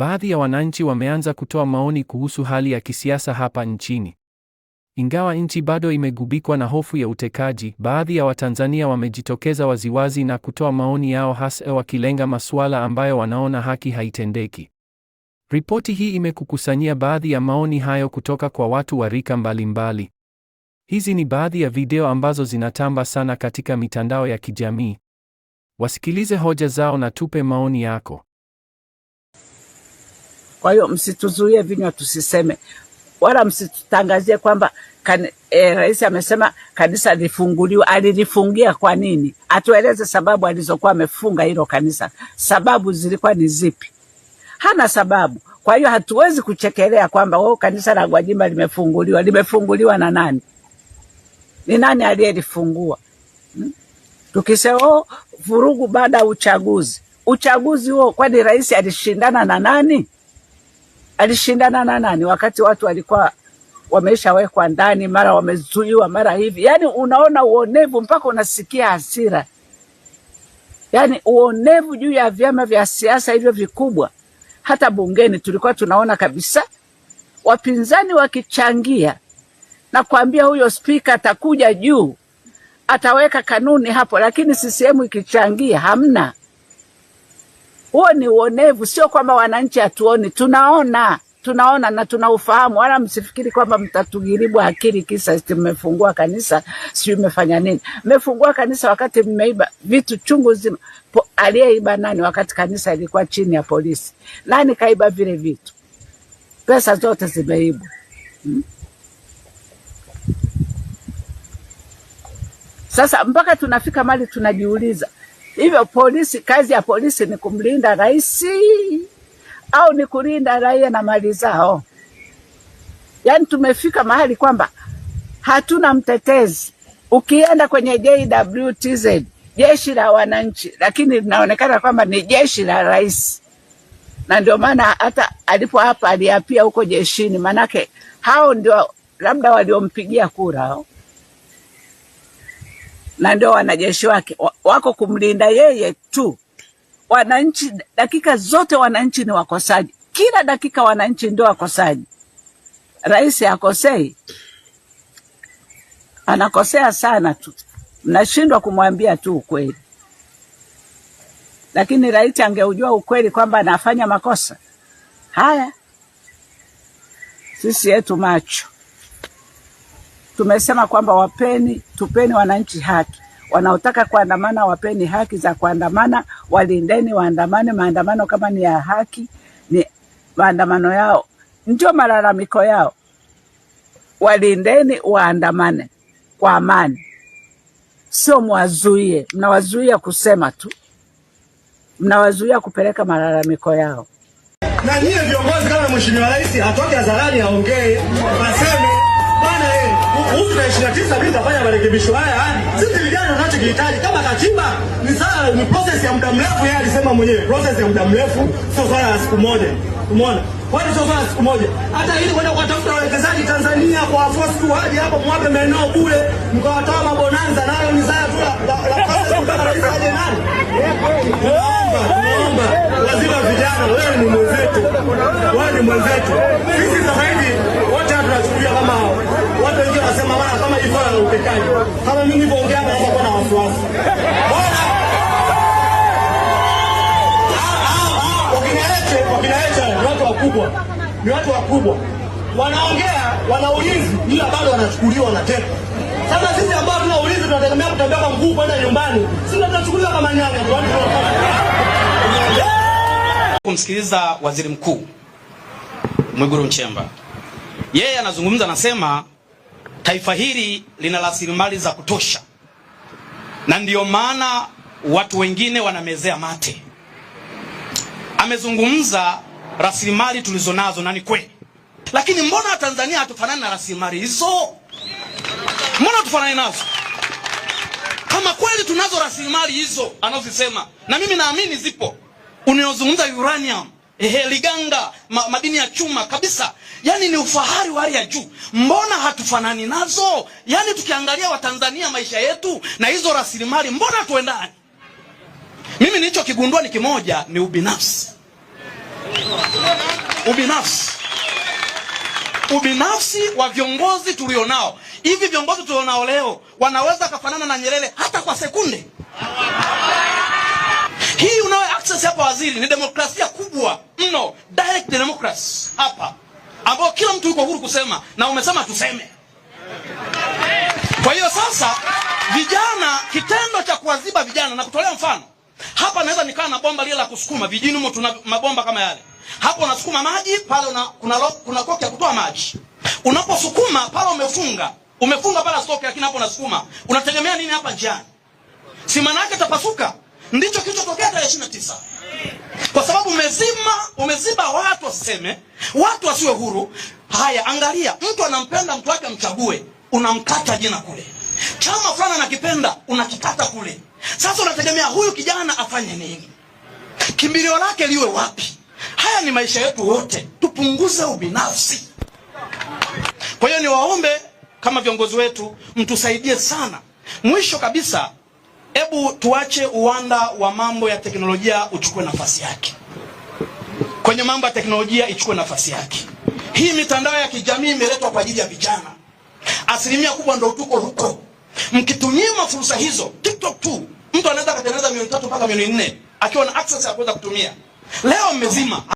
Baadhi ya wananchi wameanza kutoa maoni kuhusu hali ya kisiasa hapa nchini. Ingawa nchi bado imegubikwa na hofu ya utekaji, baadhi ya Watanzania wamejitokeza waziwazi na kutoa maoni yao hasa wakilenga masuala ambayo wanaona haki haitendeki. Ripoti hii imekukusanyia baadhi ya maoni hayo kutoka kwa watu wa rika mbalimbali. Hizi ni baadhi ya video ambazo zinatamba sana katika mitandao ya kijamii. Wasikilize hoja zao na tupe maoni yako. Kwa hiyo msituzuie vinywa tusiseme, wala msitutangazie kwamba e, rais amesema kanisa lifunguliwe. Alilifungia kwa nini? Atueleze sababu alizokuwa amefunga hilo kanisa, sababu zilikuwa ni zipi? Hana sababu. Kwa hiyo hatuwezi kuchekelea kwamba oh, kanisa la Gwajima limefunguliwa. Limefunguliwa na nani? Ni nani aliyelifungua? hmm? Tukisema oh, vurugu baada ya uchaguzi, uchaguzi huo, kwani rais alishindana na nani? alishindana na nani wakati watu walikuwa wameshawekwa ndani, mara wamezuiwa, mara hivi. Yani unaona uonevu mpaka unasikia hasira, yani uonevu juu ya vyama vya siasa hivyo vikubwa. Hata bungeni tulikuwa tunaona kabisa wapinzani wakichangia na kuambia huyo spika atakuja juu ataweka kanuni hapo, lakini CCM ikichangia hamna. Huo ni uonevu, sio kwamba wananchi hatuoni, tunaona tunaona na tunaufahamu, wala msifikiri kwamba mtatugiribu akili kisa tumefungua kanisa, sijui mmefanya nini. Mmefungua kanisa wakati mmeiba vitu chungu zima. Aliyeiba nani? Wakati kanisa ilikuwa chini ya polisi, nani kaiba vile vitu? Pesa zote zimeibwa hmm? Sasa mpaka tunafika mali tunajiuliza Hivyo polisi, kazi ya polisi ni kumlinda rais au ni kulinda raia na mali zao? Yaani tumefika mahali kwamba hatuna mtetezi. Ukienda kwenye JWTZ, jeshi la wananchi, lakini linaonekana kwamba ni jeshi la rais, na ndio maana hata alipo hapa aliapia huko jeshini, manake hao ndio labda waliompigia kura hao na ndio wanajeshi wake wako kumlinda yeye tu. Wananchi dakika zote, wananchi ni wakosaji, kila dakika wananchi ndio wakosaji. Rais akosei, anakosea sana tu, mnashindwa kumwambia tu ukweli. Lakini rais angeujua ukweli kwamba anafanya makosa haya, sisi yetu macho tumesema kwamba wapeni, tupeni wananchi haki wanaotaka kuandamana wapeni haki za kuandamana, walindeni waandamane. Maandamano kama ni ya haki, ni maandamano yao, ndio malalamiko yao, walindeni waandamane kwa amani, sio mwazuie. Mnawazuia kusema tu, mnawazuia kupeleka malalamiko yao. Na nyie viongozi, kama mheshimiwa rais atoke hadharani aongee, aseme Bwana eh, huku na 29 mimi kafanya marekebisho haya. Sisi eh. vijana tunachokihitaji kama katiba ni sala, ni process ya muda mrefu. Yeye alisema mwenyewe process ya muda mrefu, sio swala la siku moja. Umeona? Kwani sio swala siku moja. Hata ili kwenda kuwatafuta wawekezaji Tanzania kwa force tu waje hapa mwape maeneo bure, mkawatoa mabonanza nayo ni sala tu la, la process mpaka rais aje nani? Tunaomba, tunaomba waziri vijana, wewe ni mwenzetu. Wewe ni mwenzetu. Sisi utekaji. Kama mimi nilivyoongea, naweza kuwa na wasiwasi wakinaeche ni watu wakubwa, ni watu wakubwa wanaongea, wana ulinzi, ila bado wanachukuliwa, wanatekwa. Sasa sisi ambao tuna ulinzi tunategemea kutembea kwa mguu kwenda nyumbani, sisi tunachukuliwa kama nyanya. Kumsikiliza waziri mkuu Mwiguru Nchemba, yeye anazungumza, anasema Taifa hili lina rasilimali za kutosha, na ndiyo maana watu wengine wanamezea mate. Amezungumza rasilimali tulizonazo, na ni kweli, lakini mbona tanzania hatufanani na rasilimali hizo? Mbona hatufanani nazo? Kama kweli tunazo rasilimali hizo anazosema, na mimi naamini zipo, unayozungumza uranium ehe, liganga ma, madini ya chuma kabisa. Yani ni ufahari wa hali ya juu. Mbona hatufanani nazo? Yani tukiangalia Watanzania maisha yetu na hizo rasilimali, mbona hatuendani? Mimi nilichokigundua ni kimoja, ni ubinafsi, ubinafsi ubinafsi wa viongozi tulionao. Hivi viongozi tulionao leo wanaweza kafanana na Nyerere hata kwa sekunde hii? Unayo access hapa, waziri, ni demokrasia kubwa democracy hapa ambao kila mtu yuko huru kusema na umesema tuseme. Kwa hiyo sasa, vijana, kitendo cha kuwaziba vijana na kutolea mfano hapa, naweza nikaa na bomba lile la kusukuma vijini humo tuna mabomba kama yale hapo, unasukuma maji pale, una, kuna lo, kuna koki ya kutoa maji. Unaposukuma pale umefunga umefunga pale stoki, lakini hapo unasukuma, unategemea nini hapa njiani? Si maana yake tapasuka. Ndicho kilichotokea tarehe 29 kwa sababu umezima, umeziba watu wasiseme, watu wasiwe huru. Haya, angalia, mtu anampenda mtu wake amchague, unamkata jina kule. Chama fulani anakipenda, unakikata kule. Sasa unategemea huyu kijana afanye nini? Kimbilio lake liwe wapi? Haya ni maisha yetu wote, tupunguze ubinafsi. Kwa hiyo niwaombe kama viongozi wetu mtusaidie sana. Mwisho kabisa Hebu tuache uwanda wa mambo ya teknolojia uchukue nafasi yake kwenye mambo ya teknolojia ichukue nafasi yake. Hii mitandao ya kijamii imeletwa kwa ajili ya vijana, asilimia kubwa ndio tuko huko. Mkitumia fursa hizo, TikTok tu mtu anaweza akatengeneza milioni tatu mpaka milioni nne akiwa na access ya kuweza kutumia. Leo mmezima.